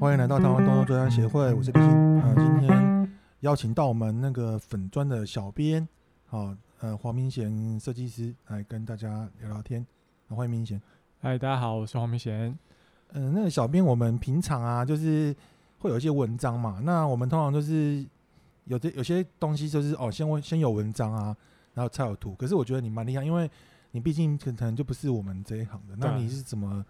歡迎來到台灣動作專家協會，我是李欣。嗯、啊，今天邀請到我們那個粉專的小編，好、啊，呃，黃明賢設計師來跟大家聊聊天。啊、歡迎明賢。嗨，大家好，我是黃明賢。嗯、呃，那個小編，我們平常啊，就是會有一些文章嘛。那我們通常就是有的有些東西就是哦，先問先有文章啊，然後才有圖。可是我覺得你蠻厲害，因為你畢竟可能就不是我們這一行的，對那你是怎麼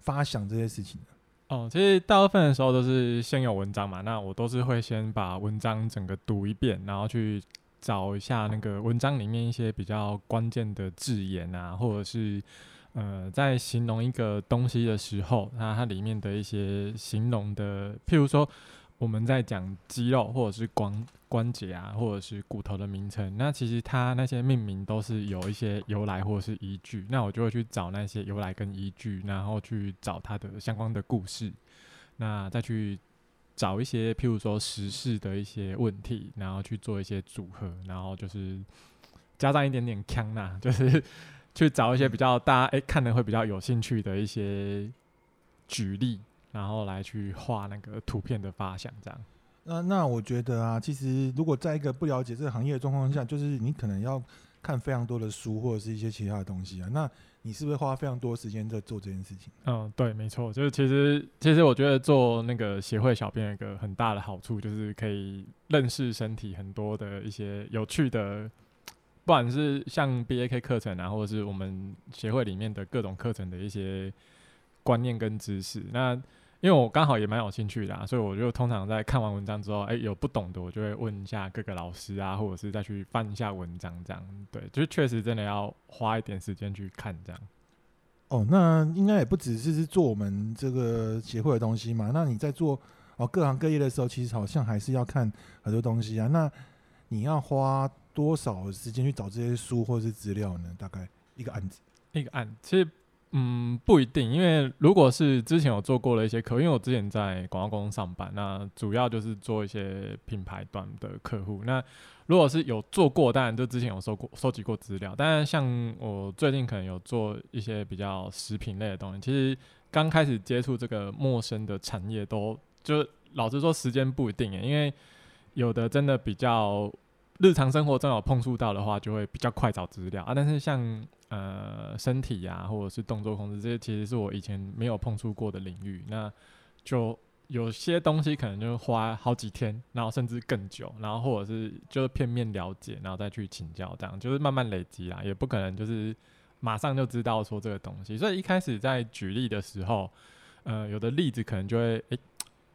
發想這些事情的？哦，其實大部分的時候都是先有文章嘛，那我都是會先把文章整個讀一遍，然後去找一下那個文章裡面一些比較關鍵的字眼啊，或者是呃，在形容一個東西的時候，那它裡面的一些形容的，譬如說。我們在講肌肉或者是關關節啊，或者是骨頭的名稱，那其實它那些命名都是有一些由來或者是依據，那我就會去找那些由來跟依據，然後去找它的相關的故事，那再去找一些譬如說時事的一些問題，然後去做一些組合，然後就是加上一點點腔吶，就是去找一些比較大、嗯、誒，看了會比較有興趣的一些舉例。然後來去畫那個圖片的發想，這樣。那那我覺得啊，其實如果在一個不了解這個行業的狀況下，就是你可能要看非常多的書或者是一些其他的東西啊。那你是不是花非常多時間在做這件事情？嗯、哦，對，沒錯。就是其實其實我覺得做那個協會小編有一個很大的好處，就是可以認識身體很多的一些有趣的，不管是像 B A K 課程啊，或者是我們協會裡面的各種課程的一些觀念跟知識。那因為我剛好也蠻有興趣的、啊，所以我就通常在看完文章之後，哎、欸，有不懂的我就會問一下各個老師啊，或者是再去翻一下文章這樣。對，就是確實真的要花一點時間去看這樣。哦，那應該也不只是是做我們這個協會的東西嘛？那你在做哦各行各業的時候，其實好像還是要看很多東西啊。那你要花多少時間去找這些書或者是資料呢？大概一個案子，一個案子，其實。嗯，不一定，因為如果是之前有做過了一些客，因為我之前在廣告公司上班，那主要就是做一些品牌端的客戶。那如果是有做過，當然就之前有收過、收集過資料。但是像我最近可能有做一些比較食品類的東西，其實剛開始接觸這個陌生的產業都，都就老實說，時間不一定。因為有的真的比較日常生活中有碰觸到的話，就會比較快找資料啊。但是像呃，身體呀、啊，或者是動作控制，這些其實是我以前沒有碰觸過的領域。那就有些東西可能就花好幾天，然後甚至更久，然後或者是就是片面了解，然後再去請教，這樣就是慢慢累積啦，也不可能就是馬上就知道說這個東西。所以一開始在舉例的時候，呃，有的例子可能就會誒。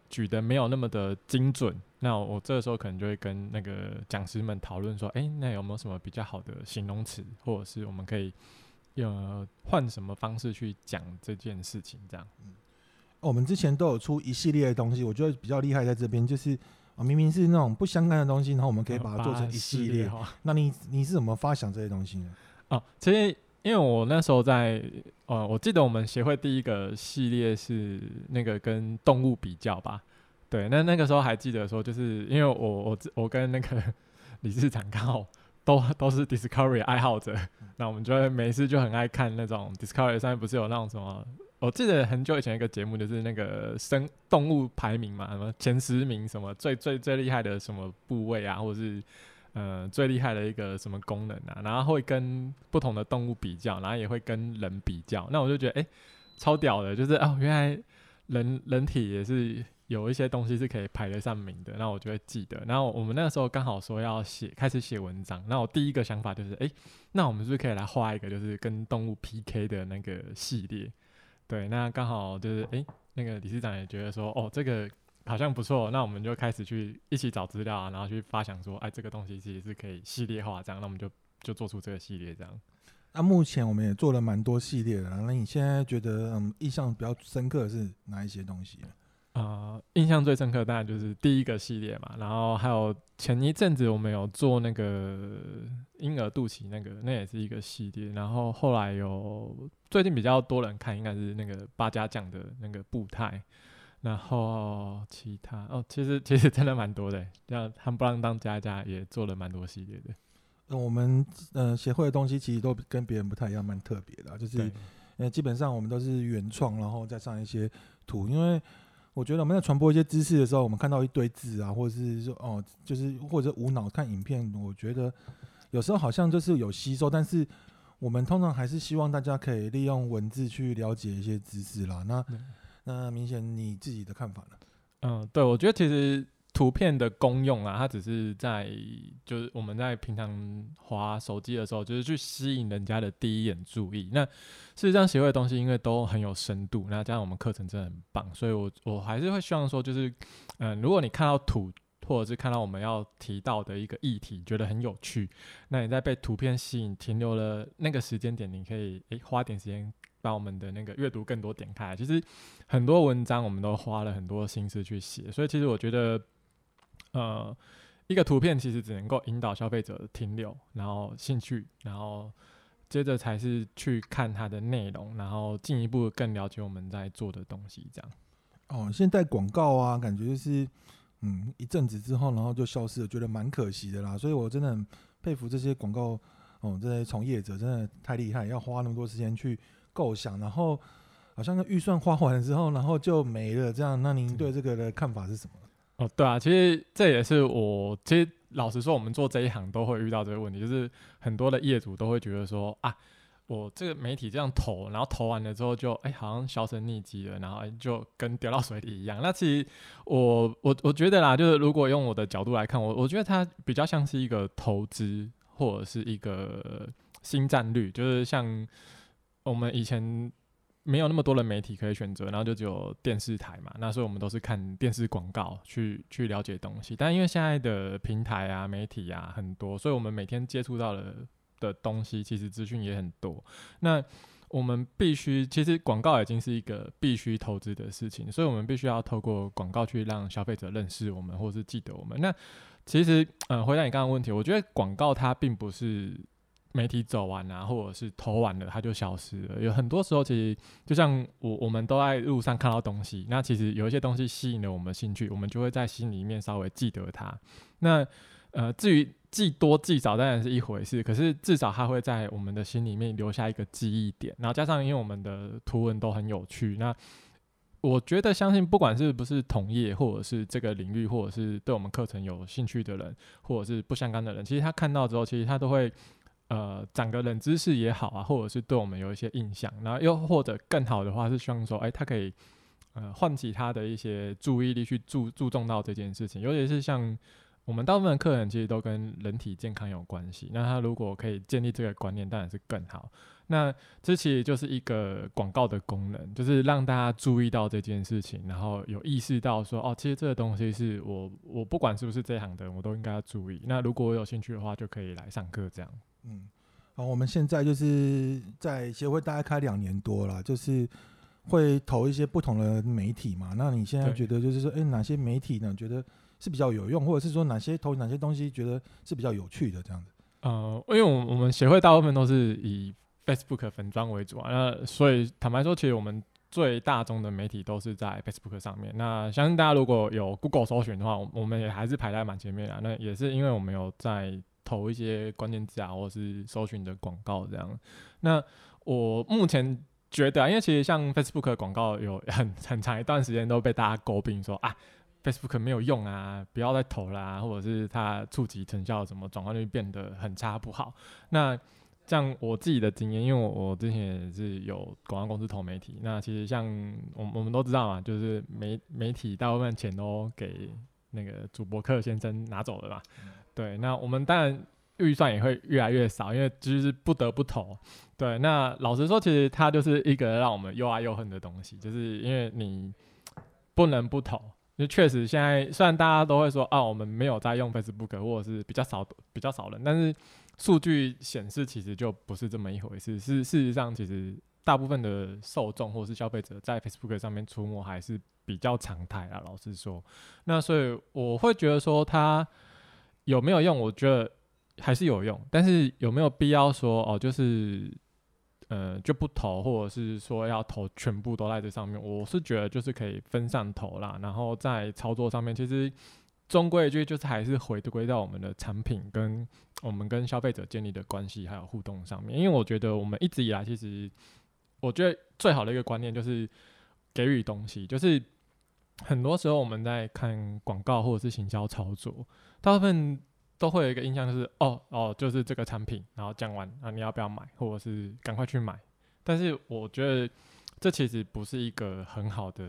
舉的沒有那麼的精準，那我這個時候可能就會跟那個講師們討論說，哎、欸，那有沒有什麼比較好的形容詞，或者是我們可以用換什麼方式去講這件事情？這樣，嗯、哦，我們之前都有出一系列的東西，我覺得比較厲害在這邊，就是啊、哦，明明是那種不相干的東西，然後我們可以把它做成一系列。嗯、那你你是怎麼發想這些東西呢？哦，這些。因為我那時候在，呃、嗯，我記得我們協會第一個系列是那個跟動物比較吧，對，那那個時候還記得說，就是因為我我我跟那個理事長剛好都都是 Discovery 愛好者，那、嗯、我們就會每次就很愛看那種 Discovery 上面不是有那種什麼，我記得很久以前一個節目就是那個生動物排名嘛，什麼前十名什麼最最最最最厲害的什麼部位啊，或是。呃，最厲害的一個什麼功能啊？然後會跟不同的動物比較，然後也會跟人比較。那我就覺得，哎、欸，超屌的，就是啊、哦，原來人人體也是有一些東西是可以排得上名的。那我就會記得。然後我們那個時候剛好說要寫，開始寫文章。那我第一個想法就是，哎、欸，那我們是不是可以來畫一個就是跟動物 PK 的那個系列？對，那剛好就是，哎、欸，那個理事長也覺得說，哦，這個。好像不錯，那我們就開始去一起找資料啊，然後去發想說，哎，這個東西其實是可以系列化，這樣，那我們就就做出這個系列這樣。那目前我們也做了蠻多系列的，那你現在覺得、嗯、印象比較深刻的是哪一些東西？啊、呃，印象最深刻大概就是第一個系列嘛，然後還有前一陣子我們有做那個嬰兒肚臍那個，那也是一個系列，然後後來有最近比較多人看，應該是那個八家將的那個步態。然後其他哦，其實其實真的蠻多的。像他們不讓當家家也做了蠻多系列的、嗯。那我們嗯、呃、協會的東西其實都跟別人不太一樣，蠻特別的、啊。就是嗯對、呃，基本上我們都是原創，然後再上一些圖。因為我覺得我們在傳播一些知識的時候，我們看到一堆字啊，或者是說哦、呃，就是或者是無腦看影片，我覺得有時候好像就是有吸收，但是我們通常還是希望大家可以利用文字去了解一些知識啦。那、嗯那明賢你自己的看法呢？嗯，對，我覺得其實圖片的功用啊，它只是在就是我們在平常滑手機的時候，就是去吸引人家的第一眼注意。那事實上協會的東西，因為都很有深度。那加上我們課程真的很棒，所以我我還是會希望說，就是嗯，如果你看到圖，或者是看到我們要提到的一個議題，覺得很有趣，那你在被圖片吸引停留了那個時間點，你可以誒、欸、花點時間。把我們的那個閱讀更多點開，其實很多文章我們都花了很多心思去寫，所以其實我覺得，呃，一個圖片其實只能夠引導消費者停留，然後興趣，然後接着才是去看它的內容，然後進一步更了解我們在做的東西。這樣哦，現在廣告啊，感覺就是嗯一陣子之後，然後就消失了，覺得蠻可惜的啦。所以我真的很佩服這些廣告哦、嗯、這些從業者，真的太厲害，要花那麼多時間去。構想，然後好像那預算花完了之後，然後就沒了這樣。那您對這個的看法是什麼？嗯。哦，對啊，其實這也是我，其實老實說，我們做這一行都會遇到這個問題，就是很多的業主都會覺得說啊，我這個媒體這樣投，然後投完了之後就哎，好像銷聲匿跡了，然後就跟掉到水裡一樣。那其實我我我覺得啦，就是如果用我的角度來看，我我覺得它比較像是一個投資或者是一個新戰略，就是像。我們以前沒有那麼多的媒體可以選擇，然後就只有電視台嘛。那所以我們都是看電視廣告去去了解東西。但因為現在的平台啊、媒體啊很多，所以我們每天接觸到的、的東西，其實資訊也很多。那我們必須，其實廣告已經是一個必須投資的事情，所以我們必須要透過廣告去讓消費者認識我們，或是記得我們。那其實，嗯、呃，回答你剛剛問題，我覺得廣告它並不是。媒體走完啊，或者是投完了，它就消失了。有很多時候，其實就像我，我們都在路上看到東西，那其實有一些東西吸引了我們的興趣，我們就會在心裡面稍微記得它。那呃，至於記多記少，當然是一回事，可是至少它會在我們的心裡面留下一個記憶點。然後加上，因為我們的圖文都很有趣，那我覺得相信，不管是不是同業，或者是這個領域，或者是對我們課程有興趣的人，或者是不相干的人，其實他看到之後，其實他都會。呃，長個冷知識也好啊，或者是對我們有一些印象，然後又或者更好的話是希望說，哎、欸，他可以呃喚起他的一些注意力去注注重到這件事情，尤其是像我們大部分客人其實都跟人體健康有關係，那他如果可以建立這個觀念，當然是更好。那這其實就是一個廣告的功能，就是讓大家注意到這件事情，然後有意識到說，哦，其實這個東西是我我不管是不是這行的，我都應該要注意。那如果我有興趣的話，就可以來上課這樣。嗯，好，我們現在就是在協會大概開兩年多了，就是會投一些不同的媒體嘛。那你現在覺得就是說，誒對、欸，哪些媒體呢？覺得是比較有用，或者是說哪些投哪些東西覺得是比較有趣的這樣子？呃，因為我們我們協會大部分都是以 Facebook 粉專為主啊，那所以坦白說，其實我們最大眾的媒體都是在 Facebook 上面。那相信大家如果有 Google 搜尋的話，我們我們也還是排在蠻前面啊。那也是因為我們有在。投一些關鍵字啊，或者是搜尋的廣告這樣。那我目前覺得、啊，因為其實像 Facebook 的廣告有很很長一段時間都被大家詬病說，說啊 Facebook 沒有用啊，不要再投啦、啊，或者是它觸及成效什麼轉化率變得很差不好。那像我自己的經驗，因為我之前也是有廣告公司投媒體。那其實像我我們都知道嘛，就是媒媒體大部分錢都給那個祖克柏先生拿走了嘛。嗯對，那我們當然預算也會越來越少，因為就是不得不投。對，那老實說，其實它就是一個讓我們又愛又恨的東西，就是因為你不能不投。因為確實現在雖然大家都會說啊，我們沒有在用 Facebook，或者是比較少比較少人，但是數據顯示其實就不是這麼一回事。是事實上，其實大部分的受眾或者是消費者在 Facebook 上面出沒還是比較常態啊。老實說，那所以我會覺得說它。有沒有用？我覺得還是有用，但是有沒有必要說哦？就是，呃，就不投，或者是說要投全部都在這上面？我是覺得就是可以分散投啦，然後在操作上面，其實終歸一句就是還是回歸到我們的產品跟我們跟消費者建立的關係還有互動上面，因為我覺得我們一直以來其實我覺得最好的一個觀念就是給予東西，就是。很多時候我們在看廣告，或者是行銷操作，大部分都會有一個印象就是，哦哦，就是這個產品，然後講完啊，你要不要買，或者是趕快去買。但是我覺得這其實不是一個很好的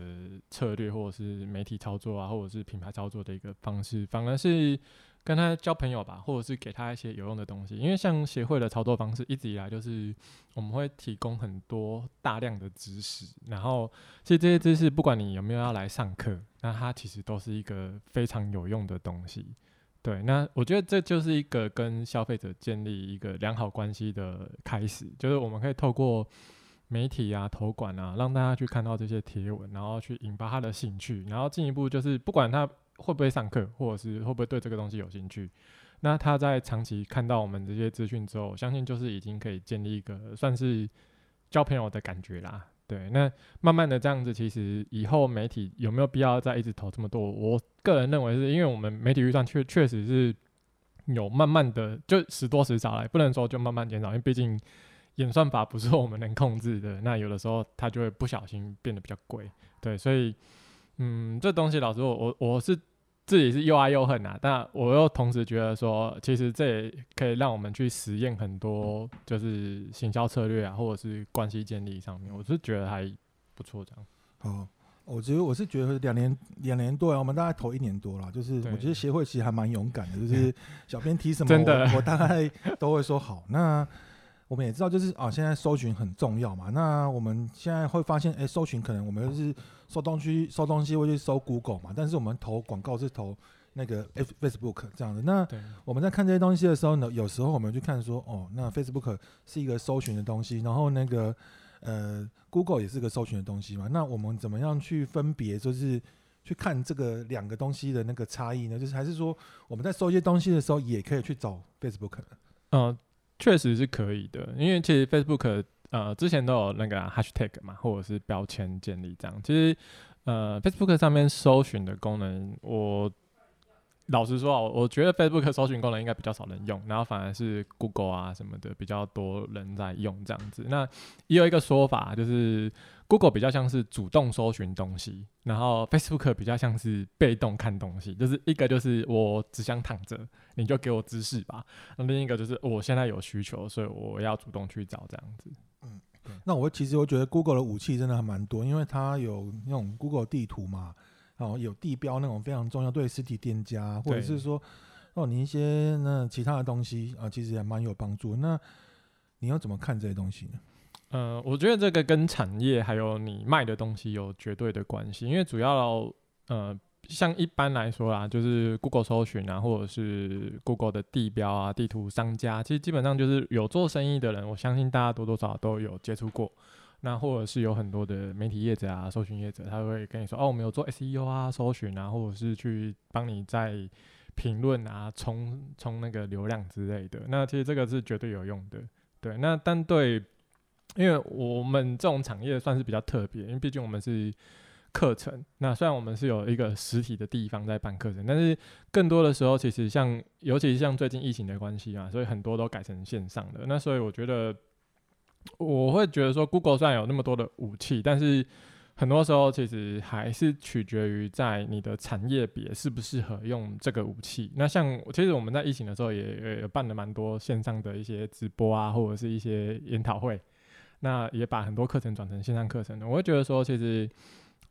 策略，或者是媒體操作啊，或者是品牌操作的一個方式，反而是。跟他交朋友吧，或者是給他一些有用的東西，因為像協會的操作方式一直以來就是我們會提供很多大量的知識，然後其實這些知識不管你有沒有要來上課，那它其實都是一個非常有用的東西。對，那我覺得這就是一個跟消費者建立一個良好關係的開始，就是我們可以透過媒體啊、投管啊，讓大家去看到這些貼文，然後去引發他的興趣，然後進一步就是不管他。會不會上課，或者是會不會對這個東西有興趣？那他在長期看到我們這些資訊之後，相信就是已經可以建立一個算是交朋友的感覺啦。對，那慢慢的這樣子，其實以後媒體有沒有必要再一直投這麼多？我個人認為，是因為我們媒體預算確確實是有慢慢的就時多時少了，不能說就慢慢減少，因為畢竟演算法不是我們能控制的。那有的時候他就會不小心變得比較貴。對，所以嗯，這東西，老實說，我我我是。自己是又愛又恨啊，但我又同時覺得說，其實這也可以讓我們去實驗很多，就是行銷策略啊，或者是關係建立上面，我是覺得還不錯這樣。哦，我覺得我是覺得兩年、兩年多啊，我們大概投一年多了，就是我覺得協會其實還蠻勇敢的，就是小編提什麼， 真的，我大概都會說好。那我們也知道，就是啊，現在搜尋很重要嘛。那我們現在會發現，誒，搜尋可能我們就是搜東西，搜東西會去搜 Google 嘛。但是我們投廣告是投那個 Facebook 這樣的。那我們在看這些東西的時候呢，有時候我們去看說，哦，那 Facebook 是一個搜尋的東西，然後那個呃 Google 也是個搜尋的東西嘛。那我們怎麼樣去分別，就是去看這個兩個東西的那個差異呢？就是還是說我們在搜一些東西的時候，也可以去找 Facebook？嗯。啊確實是可以的，因為其實 Facebook 呃之前都有那個、啊、hashtag 嘛，或者是標籤建立這樣。其實呃 Facebook 上面搜尋的功能，我。老實說，我我覺得 Facebook 搜尋功能應該比較少人用，然後反而是 Google 啊什麼的比較多人在用這樣子。那也有一個說法，就是 Google 比較像是主動搜尋東西，然後 Facebook 比較像是被動看東西，就是一個就是我只想躺着，你就給我姿勢吧；那另一個就是我現在有需求，所以我要主動去找這樣子。嗯，那我其實我覺得 Google 的武器真的還蠻多，因為它有那種 Google 地圖嘛。哦，有地標那種非常重要，對實體店家或者是說，對哦，你一些那其他的東西啊、呃，其實也蠻有幫助。那你要怎麼看這些東西呢？呃，我覺得這個跟產業還有你賣的東西有絕對的關係，因為主要呃，像一般來說啦，就是 Google 搜尋啊，或者是 Google 的地標啊、地圖商家，其實基本上就是有做生意的人，我相信大家多多少少都有接觸過。那或者是有很多的媒體業者啊，搜尋業者，他會跟你說，哦，我們有做 SEO 啊，搜尋啊，或者是去幫你在評論啊，充充那個流量之類的。那其實這個是絕對有用的，對。那但對，因為我們這種產業算是比較特別，因為畢竟我們是課程。那雖然我們是有一個實體的地方在辦課程，但是更多的時候，其實像，尤其是像最近疫情的關係啊，所以很多都改成線上的。那所以我覺得。我會覺得說，Google 雖然有那麼多的武器，但是很多時候其實還是取決於在你的產業別適不適合用這個武器。那像其實我們在疫情的時候也，也有辦了蠻多線上的一些直播啊，或者是一些研討會，那也把很多課程轉成線上課程的。我會覺得說，其實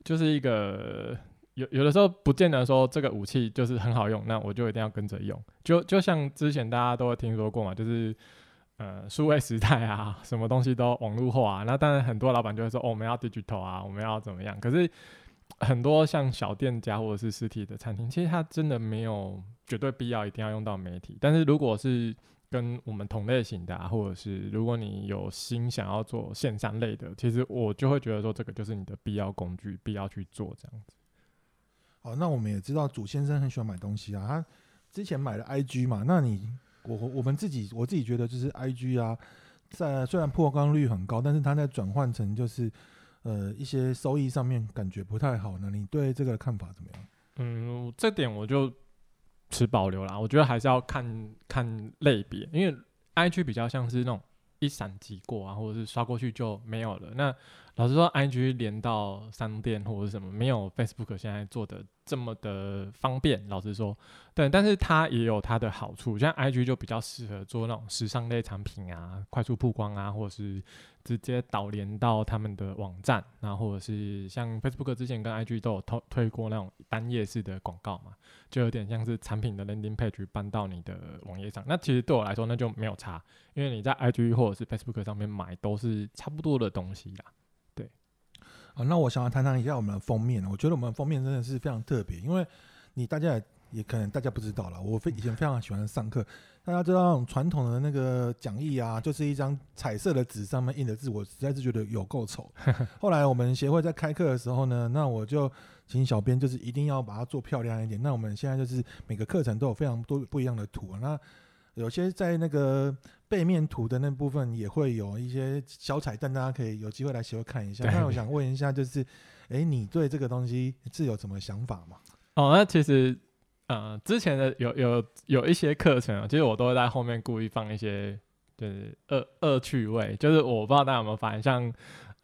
就是一個有有的時候不見得說這個武器就是很好用，那我就一定要跟着用。就就像之前大家都會聽說過嘛，就是。呃，數位時代啊，什麼東西都網絡化啊。那當然，很多老闆就會說，哦、我們要 digital 啊，我們要怎麼樣？可是很多像小店家或者是實體的餐廳，其實它真的沒有絕對必要一定要用到媒體。但是如果是跟我們同類型的、啊，或者是如果你有心想要做線上類的，其實我就會覺得說，這個就是你的必要工具，必要去做這樣子。哦，那我們也知道，祖先生很喜歡買東西啊。他之前買了 IG 嘛，那你？我我們自己，我自己覺得就是 I G 啊，在、呃、雖然曝光率很高，但是它在轉換成就是呃一些收益上面感覺不太好呢。你對這個看法怎麼樣？嗯，這點我就持保留啦。我覺得還是要看看類別，因為 I G 比較像是那種一閃即過啊，或者是刷過去就沒有了。那老實說，IG 連到商店或者什麼，沒有 Facebook 現在做得這麼的方便。老實說，對，但是它也有它的好處。像 IG 就比較適合做那種時尚類產品啊，快速曝光啊，或者是直接導連到他們的網站，然後或者是像 Facebook 之前跟 IG 都有推推過那種單頁式的廣告嘛，就有點像是產品的 landing page 搬到你的網頁上。那其實對我來說那就沒有差，因為你在 IG 或者是 Facebook 上面買都是差不多的東西啦。啊，那我想要談談一下我們的封面。我覺得我們的封面真的是非常特別，因為你大家也，也可能大家不知道啦，我非以前非常喜歡上課，大家知道那種傳統的那個講義啊，就是一張彩色的紙上面印的字，我實在是覺得有夠醜。 後來我們協會在開課的時候呢，那我就請小編就是一定要把它做漂亮一點。那我們現在就是每個課程都有非常多不一樣的圖啊，那。有些在那個背面圖的那部分也會有一些小彩蛋，大家可以有機會來學會看一下。對那我想問一下，就是，哎，你對這個東西是有什麼想法嗎？哦，那其實，呃，之前的有有有一些課程啊，其實我都會在後面故意放一些就是惡惡趣味，就是我不知道大家有沒有發現，像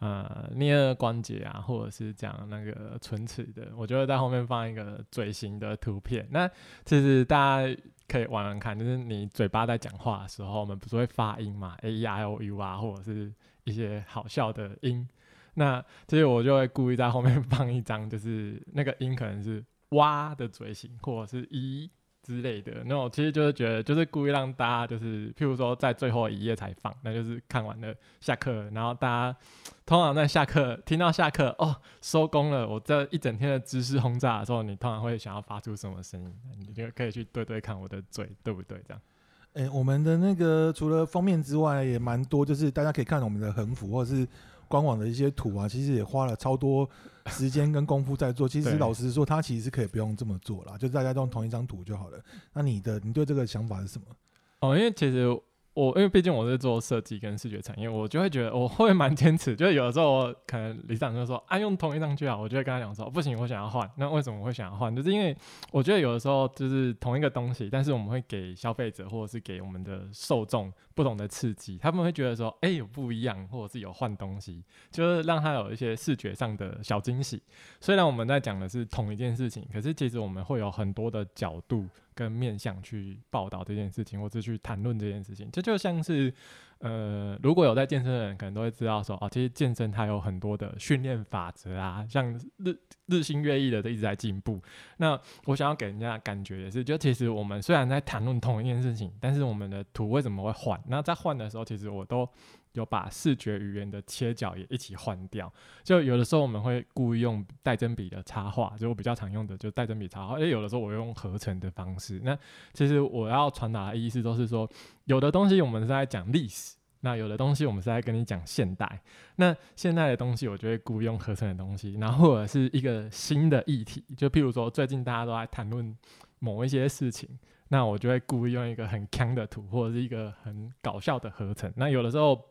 呃捏關節啊，或者是講那個唇齒的，我就會在後面放一個嘴型的圖片。那其實大家。可以玩玩看，就是你嘴巴在講話的時候，我們不是會發音嘛，a e i o u 啊，R，或者是一些好笑的音，那其實我就會故意在後面放一張，就是那個音可能是哇的嘴型，或者是咦、e。之類的，那我其實就是覺得，就是故意讓大家就是，譬如說在最後一頁才放，那就是看完了下課，然後大家通常在下課聽到下課哦，收工了，我這一整天的知識轟炸的時候，你通常會想要發出什麼聲音？你就可以去對對看我的嘴，對不對，這樣。誒、欸，我們的那個除了封面之外，也蠻多，就是大家可以看我們的橫幅或者是官網的一些圖啊，其實也花了超多時間跟功夫在做。其實老實說，他其實可以不用這麼做了，就大家都用同一張圖就好了。那你的，你對這個想法是什麼？哦，因為其實。我因為畢竟我是做設計跟視覺產業，我就會覺得我會蠻堅持，就是有的時候我可能理事長，就是說，啊用同一張就好啊，我就會跟他講說不行，我想要換。那為什麼我會想要換？就是因為我覺得有的時候就是同一個東西，但是我們會給消費者或者是給我們的受眾不同的刺激，他們會覺得說，哎有、欸、不一樣，或者是有換東西，就是讓他有一些視覺上的小驚喜。雖然我們在講的是同一件事情，可是其實我們會有很多的角度。跟面向去報道這件事情，或者去談論這件事情，這就像是。呃，如果有在健身的人，可能都會知道說，哦，其實健身它有很多的訓練法則啊，像日日新月異的，一直在進步。那我想要給人家的感覺也是，就其實我們雖然在談論同一件事情，但是我們的圖為什麼會換？那在換的時候，其實我都有把視覺語言的切角也一起換掉。就有的時候我們會故意用代針筆的插畫，就我比較常用的，就代針筆插畫。因為有的時候我用合成的方式。那其實我要傳達的意思都是說。有的東西我們是在講歷史，那有的東西我們是在跟你講現代。那現代的東西，我就會故意用合成的東西，然後或者是一個新的議題。就譬如說，最近大家都在談論某一些事情，那我就會故意用一個很鏘的圖，或者是一個很搞笑的合成。那有的時候，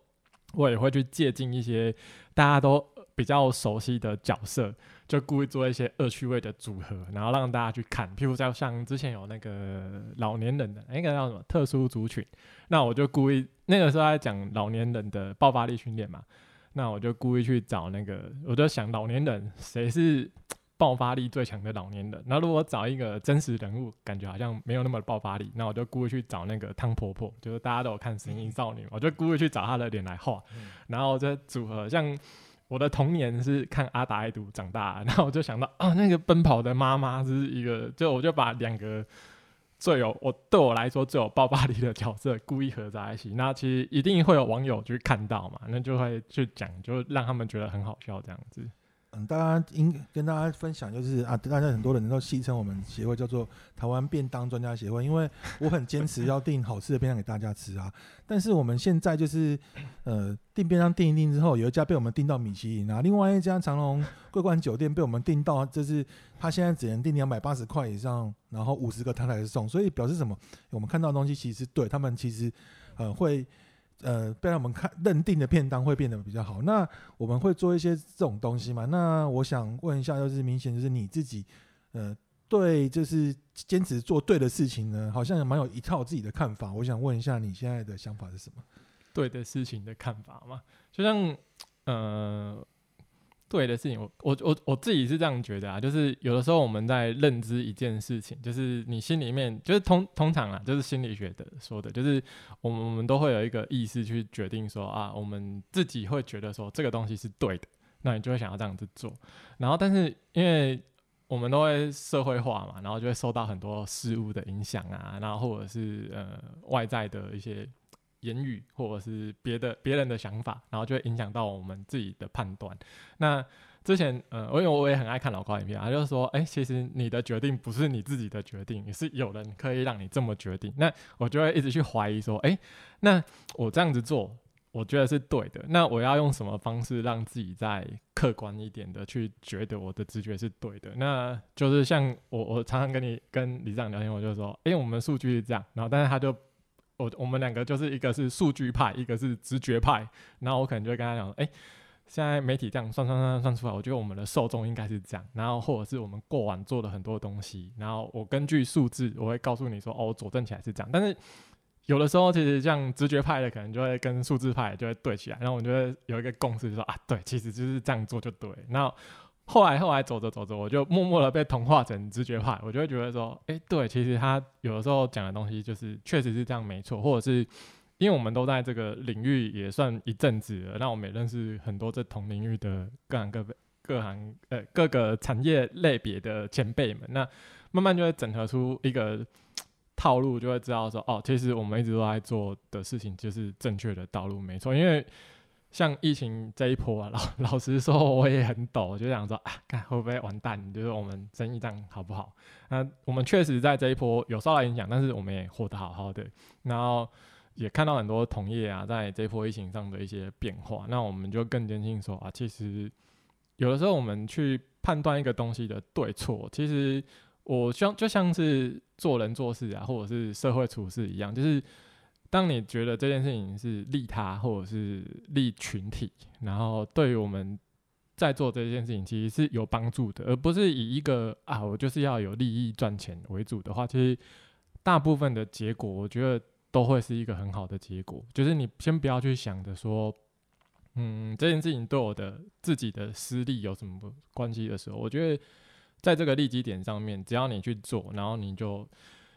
我也會去借鑒一些大家都比較熟悉的角色。就故意做一些惡趣味的組合，然後讓大家去看。譬如像之前有那個老年人的，那個叫什麼特殊族群？那我就故意那個時候在講老年人的爆發力訓練嘛。那我就故意去找那個，我就想老年人誰是爆發力最強的老年人？那如果找一個真實人物，感覺好像沒有那麼的爆發力。那我就故意去找那個湯婆婆，就是大家都有看《神隱少女》嗯，我就故意去找她的臉來畫，嗯、然後這組合像。.我的童年是看《阿達愛讀》長大，然後我就想到啊，那個奔跑的媽媽是，是一個，就我就把兩個最有我對我來說最有爆發力的角色故意合在一起，那其實一定會有網友去看到嘛，那就會去講，就讓他們覺得很好笑這樣子。嗯，大家應跟大家分享就是啊，大家很多人都戲稱我們協會叫做台灣便當專家協會，因為我很堅持要訂好吃的便當給大家吃啊。但是我們現在就是呃訂便當訂一訂之後，有一家被我們訂到米其林啊，另外一家長榮桂冠酒店被我們訂到，就是他現在只能訂兩百八十塊以上，然後五十個他才送。所以表示什麼？我們看到的東西其實對他們其實呃會。呃，被他們看認定的片當會變得比較好，那我們會做一些這種東西嘛。那我想問一下，就是明賢，就是你自己，呃，對，就是堅持做對的事情呢，好像也蠻有一套自己的看法。我想問一下，你現在的想法是什麼？對的事情的看法嘛？就像，呃。對的事情，我我我我自己是這樣覺得啊，就是有的時候我們在認知一件事情，就是你心裡面就是通通常啊，就是心理學的說的，就是我們我們都會有一個意識去決定說啊，我們自己會覺得說這個東西是對的，那你就會想要這樣子做。然後，但是因為我們都會社會化嘛，然後就會受到很多事物的影響啊，然後或者是呃外在的一些。言語或者是別的別人的想法，然後就會影響到我們自己的判斷。那之前，呃，因為我也很愛看老高影片，他就是說，哎、欸，其實你的決定不是你自己的決定，也是有人可以讓你這麼決定。那我就會一直去懷疑說，哎、欸，那我這樣子做，我覺得是對的。那我要用什麼方式讓自己再客觀一點的去覺得我的直覺是對的？那就是像我，我常常跟你跟李站長聊天，我就說，哎、欸，我們的數據是這樣，然後但是他就。我我們兩個就是一個是數據派，一個是直覺派，然後我可能就會跟他講說，哎，現在媒體這樣算算算算出來，我覺得我們的受眾應該是這樣，然後或者是我們過往做了很多東西，然後我根據數字，我會告訴你說，哦，佐證起來是這樣，但是有的時候其實像直覺派的，可能就會跟數字派就會對起來，然後我就會有一個共識說，就說啊，對，其實就是這樣做就對。那後來，後來走着走着，我就默默的被同化成直覺派，我就會覺得說，哎、欸，對，其實他有的時候講的東西就是確實是這樣，沒錯。或者是因為我們都在這個領域也算一陣子了，那我們也認識很多這同領域的各行各業、各行呃各個產業類別的前輩們。那慢慢就會整合出一個套路，就會知道說，哦，其實我們一直都在做的事情就是正確的道路，沒錯。因為像疫情這一波啊，老老實說，我也很抖，我就想說啊，看會不會完蛋？就是我們爭一戰好不好？那我們確實在這一波有受到影響，但是我們也活得好好的。然後也看到很多同業啊，在這一波疫情上的一些變化。那我們就更堅信說啊，其實有的時候我們去判斷一個東西的對錯，其實我像就像是做人做事啊，或者是社會處事一樣，就是。當你覺得這件事情是利他或者是利群體，然後對於我們在做這件事情其實是有幫助的，而不是以一個啊我就是要有利益賺錢為主的話，其實大部分的結果我覺得都會是一個很好的結果。就是你先不要去想着說，嗯，這件事情對我的自己的私利有什麼關係的時候，我覺得在這個利基點上面，只要你去做，然後你就。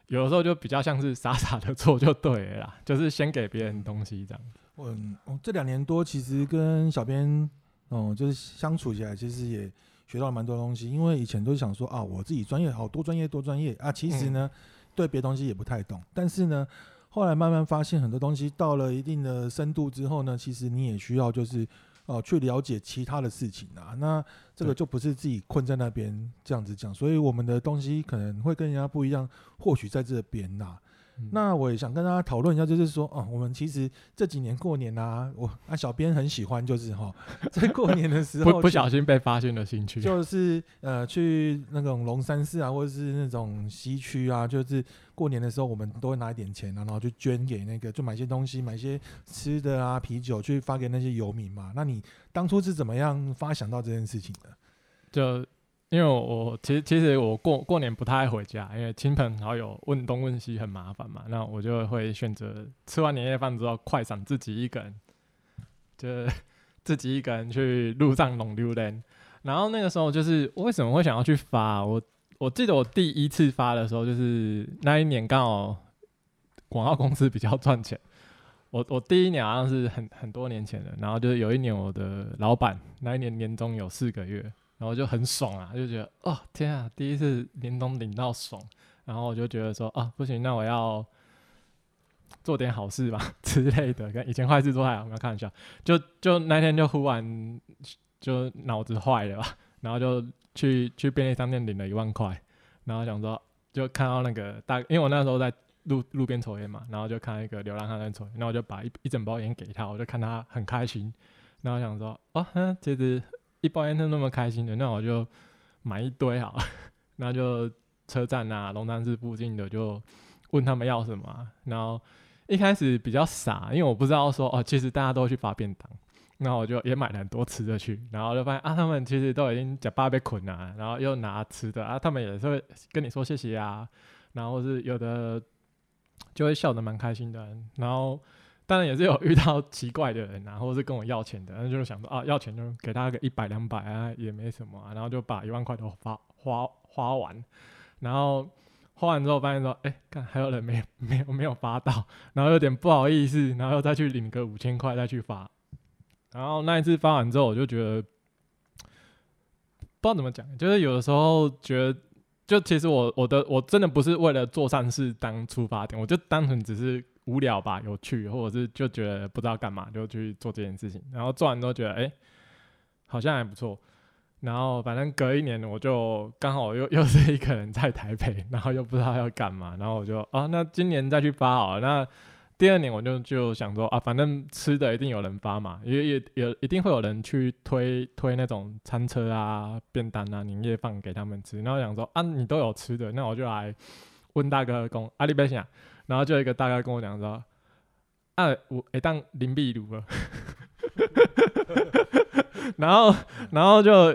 有時候就比較像是傻傻的做就對了。就是先給別人東西這樣。我我、嗯哦、這兩年多其實跟小編，哦、嗯，就是相處起來其實也學到了蠻多東西，因為以前都想說啊，我自己專業好、哦、多專業多專業啊，其實呢、嗯、對別的東西也不太懂，但是呢後來慢慢發現很多東西到了一定的深度之後呢，其實你也需要就是。哦，去了解其他的事情啊，那這個就不是自己困在那邊這樣子講，所以我們的東西可能會跟人家不一樣，或許在這邊吶。那我也想跟大家討論一下，就是說，哦、嗯，我們其實這幾年過年啊，我那、啊、小編很喜歡，就是哈，在過年的時候、就是 不，不小心被發現了興趣，就是呃去那種龍山寺啊，或者是那種西區啊，就是過年的時候，我們都會拿一點錢、啊，然後就捐給那個，就買些東西，買些吃的啊啤酒去發給那些遊民嘛。那你當初是怎麼樣發想到這件事情的？就。因為我其實其實我過過年不太愛回家，因為親朋好友問東問西很麻煩嘛，那我就會選擇吃完年夜飯之後，快閃自己一個人，就自己一個人去路上弄丟人。然後那個時候就是為什麼會想要去發我？我記得我第一次發的時候，就是那一年剛好廣告公司比較賺錢。我我第一年好像是很很多年前了，然後就是有一年我的老闆那一年年終有四個月。然後就很爽啊，就覺得哦天啊，第一次聯通領到爽，然後我就覺得說啊不行，那我要做點好事吧之類的，跟以前壞事做太多，我沒有開玩笑，就就那天就忽然就腦子壞了吧，然後就去去便利商店領了一萬塊，然後想說就看到那個大，因為我那時候在路路邊抽煙嘛，然後就看到一個流浪漢在抽煙，那我就把一一整包煙給他，我就看他很開心，然後想說哦，嗯，其實。一包菸都那麼開心的，那我就買一堆好了。那就車站啊，龍山寺附近的，就問他們要什麼。然後一開始比較傻，因為我不知道說哦，其實大家都去發便當。那我就也買了很多吃的去，然後就發現啊，他們其實都已經假排被捆啊，然後又拿吃的啊，他們也是會跟你說謝謝啊，然後是有的就會笑得蠻開心的，然後。當然也是有遇到奇怪的人啊，然後是跟我要錢的，然後就是想說啊，要錢就給他個一百兩百啊，也沒什麼啊，然後就把一萬塊都發花花完，然後花完之後發現說，哎，看還有人沒有沒有沒有發到，然後有點不好意思，然後又再去領個五千塊再去發，然後那一次發完之後，我就覺得不知道怎麼講，就是有的時候覺得，就其實我我的我真的不是為了做善事當出發點，我就單純只是。無聊吧，有趣，或者是就覺得不知道幹嘛，就去做這件事情。然後做完都覺得，哎、欸，好像還不錯。然後反正隔一年，我就剛好又又是一個人在台北，然後又不知道要幹嘛，然後我就啊，那今年再去發好了。那第二年我就就想說啊，反正吃的一定有人發嘛，因為也也，也一定會有人去推推那種餐車啊、便當啊、年夜飯給他們吃。然後想說啊，你都有吃的，那我就來問大哥講阿里貝想。啊然後就一個大概跟我講，說，啊，哎，我哎當林碧如了。 然後，然後就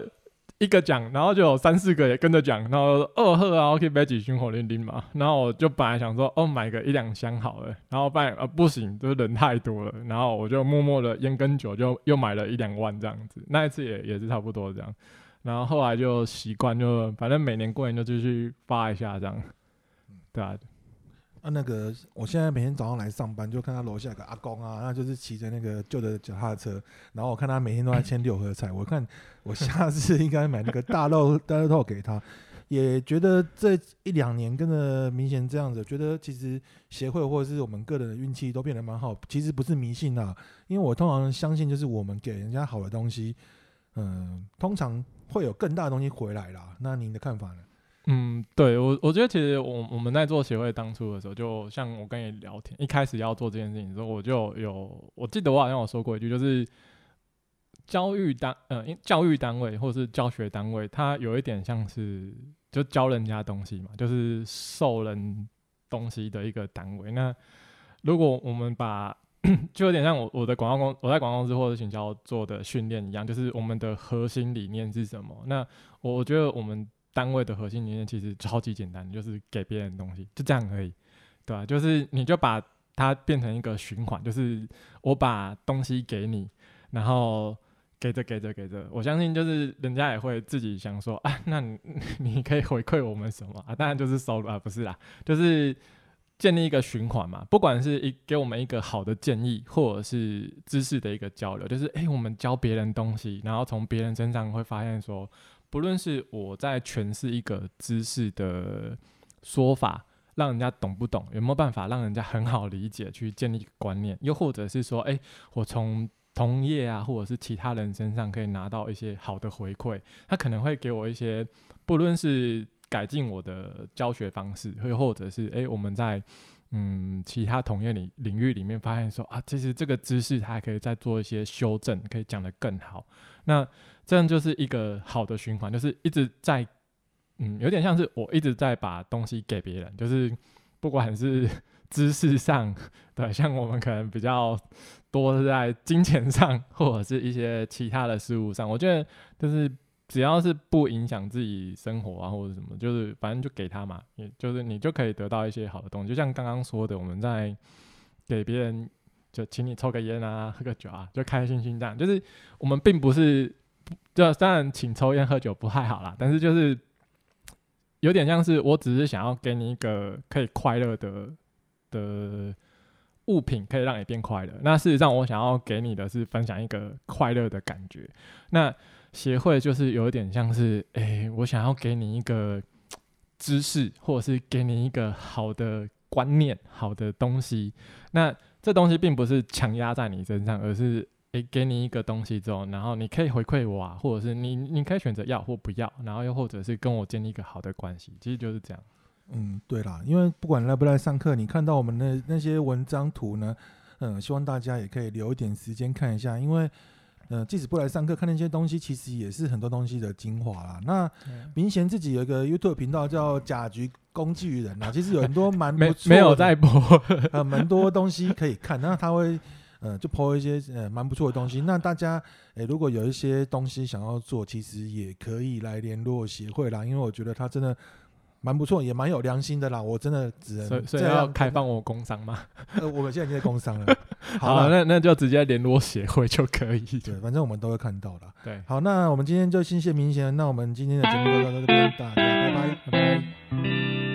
一個講，然後就有三四個也跟着講。然後說哦好啊，我可以買幾箱火麟麟嘛？然後我就本來想說，哦買個一兩箱好了。然後發現啊不行，就是人太多了。然後我就默默的煙跟酒就又買了一兩萬這樣子。那一次也也是差不多這樣。然後後來就習慣，就反正每年過年就繼續發一下這樣，對啊。啊，那個，我現在每天早上來上班，就看他樓下有個阿公啊，那就是騎着那個舊的腳踏車，然後我看他每天都在簽六合彩，我看我下次應該買那個大樂大樂透給他，也覺得這一兩年跟着明賢這樣子，覺得其實協會或者是我們個人的運氣都變得蠻好，其實不是迷信啦、啊，因為我通常相信就是我們給人家好的東西，嗯，通常會有更大的東西回來啦。那您的看法呢？嗯，對我，我覺得其實我我們在做協會當初的時候，就像我跟你聊天一開始要做這件事情的時候，我就有我記得我好像有說過一句，就是教育單呃，因教育單位或者是教學單位，它有一點像是就教人家東西嘛，就是授人東西的一個單位。那如果我們把 就有點像我我的廣告公，我在廣告公司或者請教做的訓練一樣，就是我們的核心理念是什麼？那我我覺得我們。單位的核心理念其實超級簡單，就是給別人東西，就這樣可以，對吧，啊？就是你就把它變成一個循環，就是我把東西給你，然後給着給着給着，我相信就是人家也會自己想說啊，那你你可以回饋我們什麼啊？當然就是收入啊，不是啦，就是建立一個循環嘛。不管是一給我們一個好的建議，或者是知識的一個交流，就是哎，我們教別人東西，然後從別人身上會發現說。不論是我在詮釋一個知識的說法，讓人家懂不懂，有沒有辦法讓人家很好理解，去建立一個觀念，又或者是說，誒、欸，我從同業啊，或者是其他人身上可以拿到一些好的回饋，他可能會給我一些，不論是改進我的教學方式，又或者是，誒、欸，我們在嗯其他同業領領域裡面發現說啊，其實這個知識他還可以再做一些修正，可以講得更好，那。這樣就是一個好的循環，就是一直在，嗯，有點像是我一直在把東西給別人，就是不管是知識上，對，像我們可能比較多是在金錢上，或者是一些其他的事物上。我覺得就是只要是不影響自己生活啊，或者什麼，就是反正就給他嘛，你就是你就可以得到一些好的東西。就像剛剛說的，我們在給別人，就請你抽個煙啊，喝個酒啊，就開開心心這樣。就是我們並不是。就當然請抽菸喝酒不太好啦，但是就是有點像是，我只是想要給你一個可以快樂的的物品，可以讓你變快樂。那事實上，我想要給你的是分享一個快樂的感覺。那協會就是有一點像是，哎、欸，我想要給你一個知識，或者是給你一個好的觀念、好的東西。那這東西並不是強壓在你身上，而是。哎、欸，給你一個東西之後，然後你可以回饋我、啊，或者是你你可以選擇要或不要，然後又或者是跟我建立一個好的關係，其實就是這樣。嗯，對啦，因為不管來不來上課，你看到我們的那,那些文章圖呢，嗯，希望大家也可以留一點時間看一下，因為呃、嗯，即使不來上課看那些東西，其實也是很多東西的精華啦。那對明賢自己有一個 YouTube 頻道叫“家具工具人”啊， 其實有很多蠻沒沒有在播、嗯，蠻多東西可以看，那他會。嗯，就拋一些嗯，蠻不錯的東西。那大家誒、欸，如果有一些東西想要做，其實也可以來聯絡協會啦。因為我覺得他真的蠻不錯，也蠻有良心的啦。我真的只能所以，所以要開放我工商嗎？ 呃，我現在已經在工商了。好，那那就直接聯絡協會就可以。對，反正我們都會看到啦。對，好，那我們今天就謝謝明賢。那我們今天的節目就到這邊，大家拜拜，拜拜。